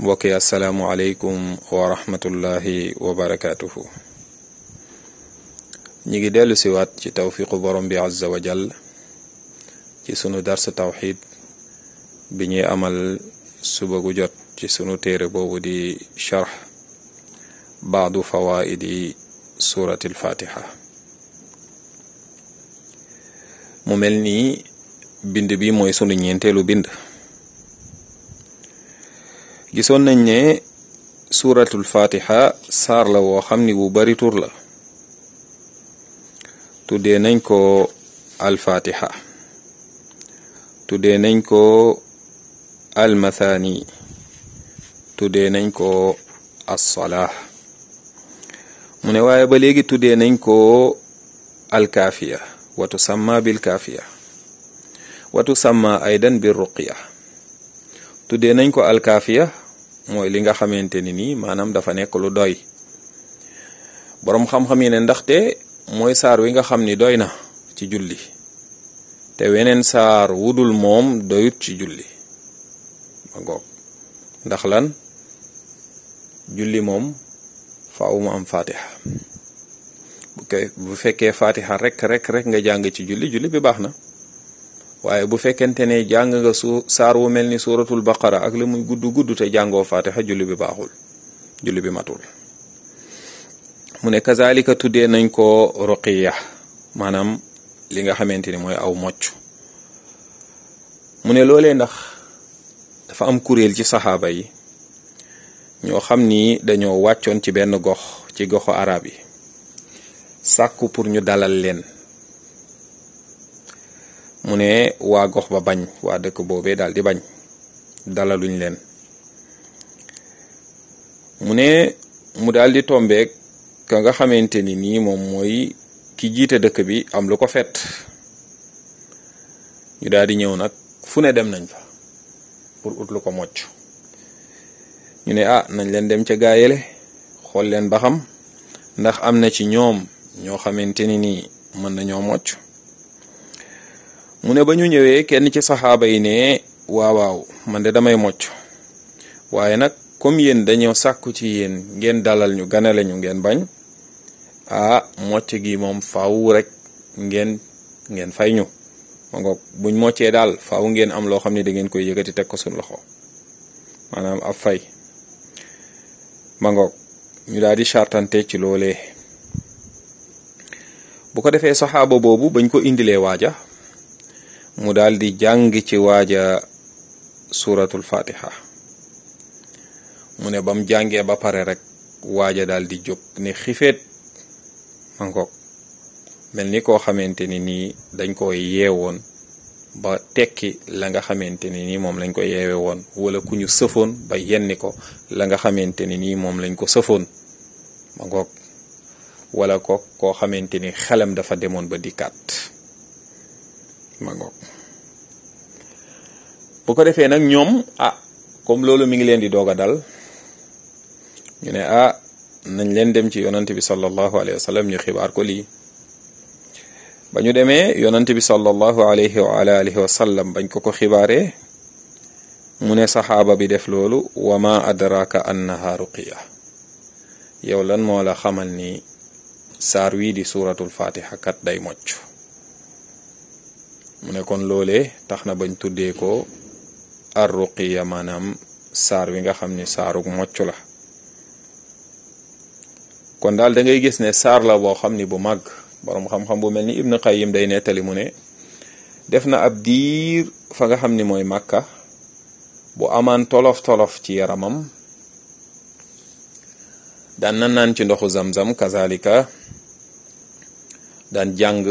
mbokk yi asalaamualeykum wa rahmatullahi ñi ngi dellu siwaat ci tawfiqu borom bi azza ci sunu dars tawxid bi ñuy amal suba gu jot ci sunu téere boobu di charx baadu fawaidi surati alfatiha mu mel nii bind bi mooy sunu ñeenteelu bind gisoon nañ ne suuratul fatiha saar la woo xam ni wu bari tur la tuddee nañ ko alfatiha tuddee nañ ko almathani tuddee nañ ko assalah mu ne waaye ba léegi tuddee nañ ko alkaafiya watu samma bil kaafiya watu samma aydan bir ruqya tuddee nañ ko alkaafiya mooy li nga xamante ni nii maanaam dafa nekk lu doy boroom xam-xam ndaxte mooy saar wi nga xam ni doy na ci julli te weneen saar wudul moom doyut ci julli ma ndax lan julli moom faaw am fatiha bu fekkee fatiha rek rek rek nga jàng ci julli julli bi baax na waaye bu fekkente ne jàng nga su saar wu mel ni suuratul baqara ak la muy gudd gudd te jàngoo faatixa julli bi baaxul julli bi matul mu ne kazalika tuddee nañ ko ruqiya maanaam li nga xamante ni mooy aw mocc mu ne loolee ndax dafa am kuréel ci saxaaba yi ñoo xam ni dañoo wàccoon ci benn gox ci goxu arab yi sàkku pour ñu dalal leen mu ne waa gox ba bañ waa dëkk boobee daal di bañ dalaluñ leen mu ne mu daldi tombeek ka nga xamante ni nii moom mooy ki jiite dëkk bi am lu ko fet ñu daldi ñëw nag fu ne dem nañ fa pour ut lu ko mocc ñu ne a ah, nañ leen dem ca gaayele xool leen ba xam ndax am na ci ñoom ñoo xamante ni nii mën nañoo mocc mu ne ba ñu ñëwee kenn ci saxaaba yi ne waawaaw man de damay mocc waaye nag comme yéen dañoo sàkku ci yéen ngeen dalal ñu ganale ñu ngeen bañ ah mocc gi moom faw rek ngeen ngeen fay ñu ma ngoog buñ moccee daal faw ngeen am loo xam ne dangeen koy yëkkati teg ko suñ loxo maanaam ab fay ma ñu daal di chartante ci loolee bu ko defee saxaaba boobu bañ ko indilee waaja mu daal di jàng ci waaja suuratul fatiha mu ne bam jàngee ba pare rek waaja daal di jóg ni xifeet mangoog mel ni koo xamante ni nii dañ ko yeewoon ba tekki la nga xamante ni nii moom lañ ko yeewe woon wala sëfoon ba yenni ko la nga xamante ni nii moom lañ ko sëfoon mangoog wala ko koo xamante ni xelam dafa demoon ba dikkaat ma ngoog ko defee nag ñoom ah comme loolu mi ngi leen di doog a dal ñu ne ah nañ leen dem ci yonante bi sallallahu alayhi wa sallam ñu xibaar ko lii ba ñu demee yonante bi sallallahu alayhi wa alihi sallam bañ ko ko xibaaree mu ne saxaaba bi def loolu wa ma adraka annaha ruqiya yow lan moo la xamal ni saar wii di suratul fatiha kat day mocc mu ne kon loolee tax na bañ tuddee ko arruqiya maanaam saar wi nga xam ni saarug mocc la kon daal da ngay gis ne saar la boo xam ni bu màgg boroom xam-xam bu mel ni ibnu qayyim day nettali mu ne def na ab diir fa nga xam ni mooy màkka bu amaan tolof-tolof ci yaramam daan na naan ci ndoxu zamzam kazalika daan jàng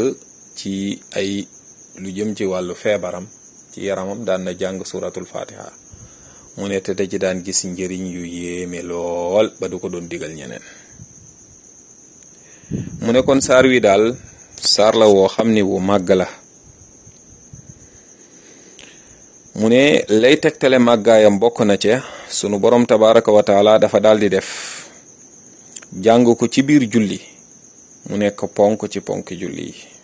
ci ay lu jëm ci wàllu feebaram ci yaramam daan na jàng suratul fatiha mu ne te da ci daan gis njëriñ yu yéeme lool ba du ko doon digal ñeneen mu ne kon saar wi daal saar la woo xam ni wu màgg la mu ne lay tegtale màggaayam bokk na ce sunu boroom tabaraka wa dafa daal di def jàng ko ci biir julli mu nekk ponk ci ponk julli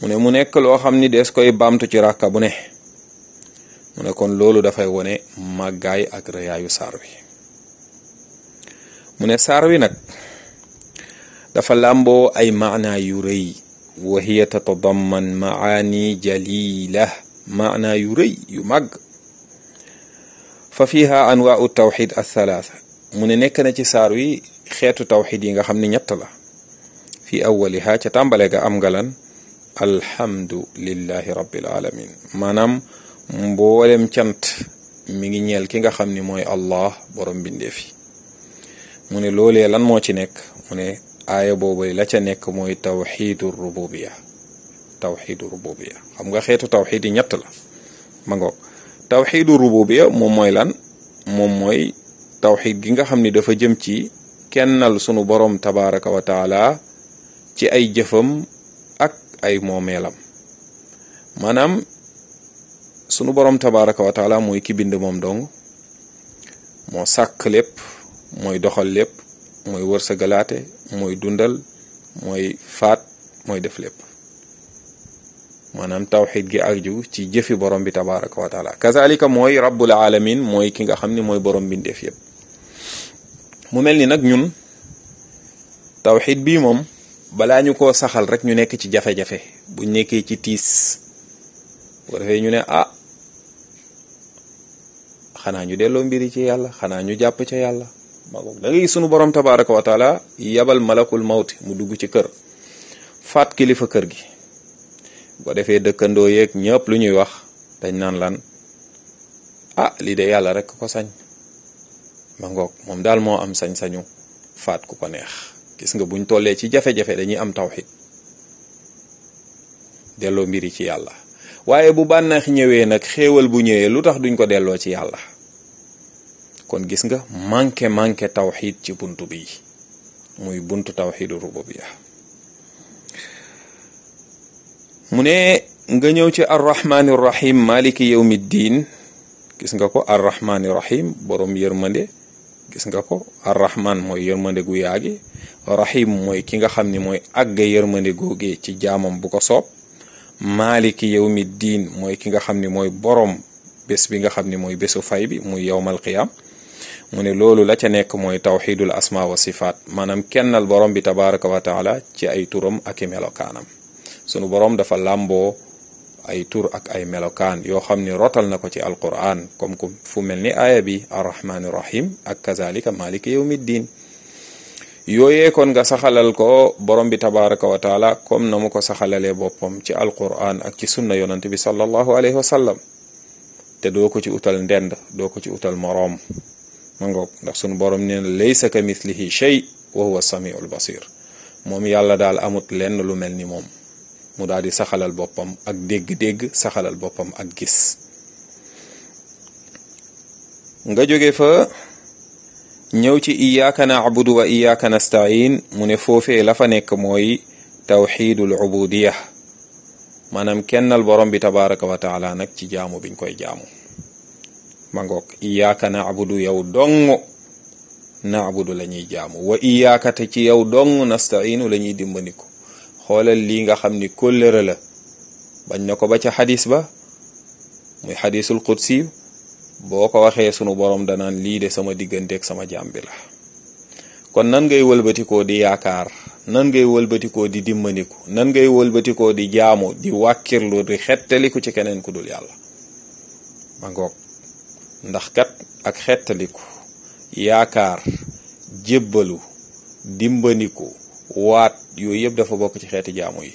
mu ne mu nekk loo xam ni des koy baamtu ci ràkka bu ne kon loolu dafay wone màggaay ak rëyaayu saar wi mu ne saar wi nag dafa làmboo ay maanaa yu rëy wa hiya tatadamman maani jalila maana yu rëy yu màgg fa fiha anwaau tawxid athalaatha mu ne nekk na ci saar wi xeetu tawxid yi nga xam ni ñett la fi awaliha ca tàmbale ga am lan alhamdulillahi rabbil alamin maanaam mboolem cant mi ngi ñel ki nga xam ni mooy allah borom bindeef yi mu ne loole lan moo ci nekk mu ne aaya boobu la ca nekk mooy tawxiidu rububiya tawxiidu rububiya xam nga xeetu tawxiid ñett la ma ngoog tawxiidu rububiya moom mooy lan moom mooy tawxiid gi nga xam ni dafa jëm ci kennal sunu boroom tabaraka wa ci ay jëfam ay moomeelam maanaam sunu borom tabaraka wa mooy ki bind moom dong moo sàkk lépp mooy doxal lépp mooy wër wërsëgalaate mooy dundal mooy faat mooy def lépp maanaam tawxid gi aju ci jëfi borom bi tabaraka wa kazalika mooy rabbul alamin mooy ki nga xam ni mooy borom bindeef yépp mu mel ni nag ñun tawxid bii moom balaa ñu koo saxal rek ñu nekk ci jafe-jafe buñ nekkee ci tiis bu ko defee ñu ne a ah, xanaa ñu delloo mbiri ci yàlla xanaa ñu jàpp ca yàlla magoog da ngay gis sunu borom tabaraka wa yabal malakul mawti mu dugg ci kër faat kilifa kër gi boo defee dëkkandoo yéeg ñëpp lu ñuy wax dañ naan lan a ah, lii de yàlla rek ko sañ ma moom daal moo am sañ-sañu faat ku ko neex gis nga buñ tollee ci jafe-jafe dañuy am tawxid delloo mbir yi ci yàlla waaye bu bànneex ñëwee nag xéewal bu ñëwee lu tax duñ ko delloo ci yàlla kon gis nga manqué manqué tawxid ci bunt bi muy buntu tawxidu rububiya mu ne nga ñëw ci arrahmaani rahim maliki yawmi diin gis nga ko arrahmaani rahim borom yërmande gis nga ko arrahman mooy yërmande gu yaagi rahim mooy ki nga xam ni mooy àgg yërmande googee ci jaamam bu ko soob maaliki yawmi diin mooy ki nga xam ni mooy boroom bés bi nga xam ni mooy bésu fay bi muy yowmal qiyam mu ne loolu la ca nekk mooy tawxidul asma wa sifaat maanaam kennal borom bi tabaraka wa taala ci ay turam ak i sunu borom dafa làmboo ay tur ak ay melokaan yoo xam ni rotal na ko ci alquran comme fu mel ni aaya bi ak kazalika maliki yawmiddin yooyee kon nga saxalal ko borom bi tabaraka wa taala na mu ko saxalalee boppam ci alquran ak ci sunna yonant bi sallallahu alayhi wa sallam doo ko ci utal ndend doo ko ci utal moroom ma ndax sunu borom nee na ka mithlihi shay wa huwa samiul basir moom yàlla daal amut lenn lu mel ni moom mu daal di saxalal boppam ak dégg-dégg saxalal boppam ak gis nga jóge fa ñëw ci iyaaka naabudu wa iyaaka nastain mu ne foofee la fa nekk mooy tawxidul ubudiya maanaam kennal borom bi tabaraka wa taala nag ci jaamu biñ koy jaamu ma ngoog iyaaka naabudu yow dong naabudu la ñuy jaamu wa iyaaka te ci yow dong nastainu la ñuy dimbandiku xoolal lii nga xam ni kóllëre la bañ na ko ba ca xadis ba muy xadisul qudsi boo ko waxee sunu borom danaan lii de sama digganteeg sama jaam la kon nan ngay wëlbatikoo di yaakaar nan ngay wëlbatikoo di dimmandiku nan ngay wëlbatikoo di jaamu di wàkkirlu di xettaliku ci keneen ku dul yàlla ma ngoog ndax kat ak xettaliku yaakaar jébbalu dimbandiku waat yooyu yëpp dafa bokk ci xeeti jaamu yi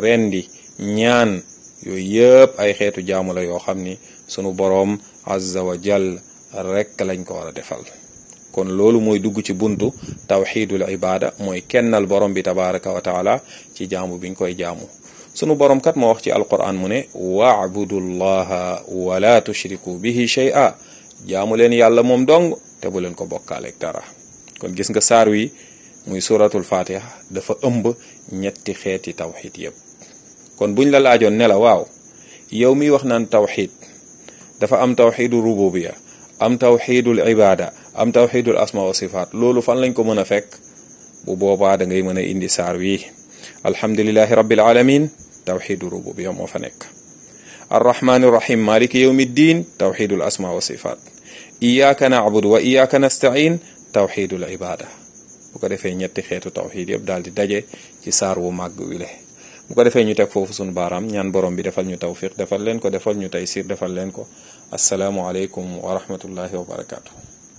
rendi ñaan yooyu yëpp ay xeetu jaamu la yoo xam ni sunu boroom azza wa jal rekk lañ ko war a defal kon loolu mooy dugg ci buntu tawxidul ibaada mooy kennal boroom bi tabaraka wa ci jaamu biñ koy jaamu sunu borom kat moo wax ci alquran mu ne waabudu llaha wala tushriku bihi shay'a jaamu leen yàlla moom dong te bu leen ko bokkaaleeg dara kon gis nga saar wi muy suratul fatiha dafa ëmb ñetti xeeti tawxid yépp kon buñ la laajoon ne la waaw yow miy wax naan tawxid dafa am tawxidu rububiya am tawxidul ibada am tawxidul asma wa sifaat loolu fan lañ ko mën a fekk bu boobaa da ngay mën a indi saar wii alhamdulilahi rabbil alamin tawxidu rububiya moo fa nekk arrahmani rahim maliki yawmi ddin tawxidul asma wa sifaat iyaaka nacbudu wa iyaaka nastain tawxidul ibada bu ko defee ñetti xeetu tawxiid yëpp daal di daje ci saar wu màgg wile bu ko defee ñu teg foofu sunu baaraam ñaan borom bi defal ñu tawfiq defal leen ko defal ñu tey siir defal leen ko asalaamualeykum wa rahmatullahi wa barakaatu.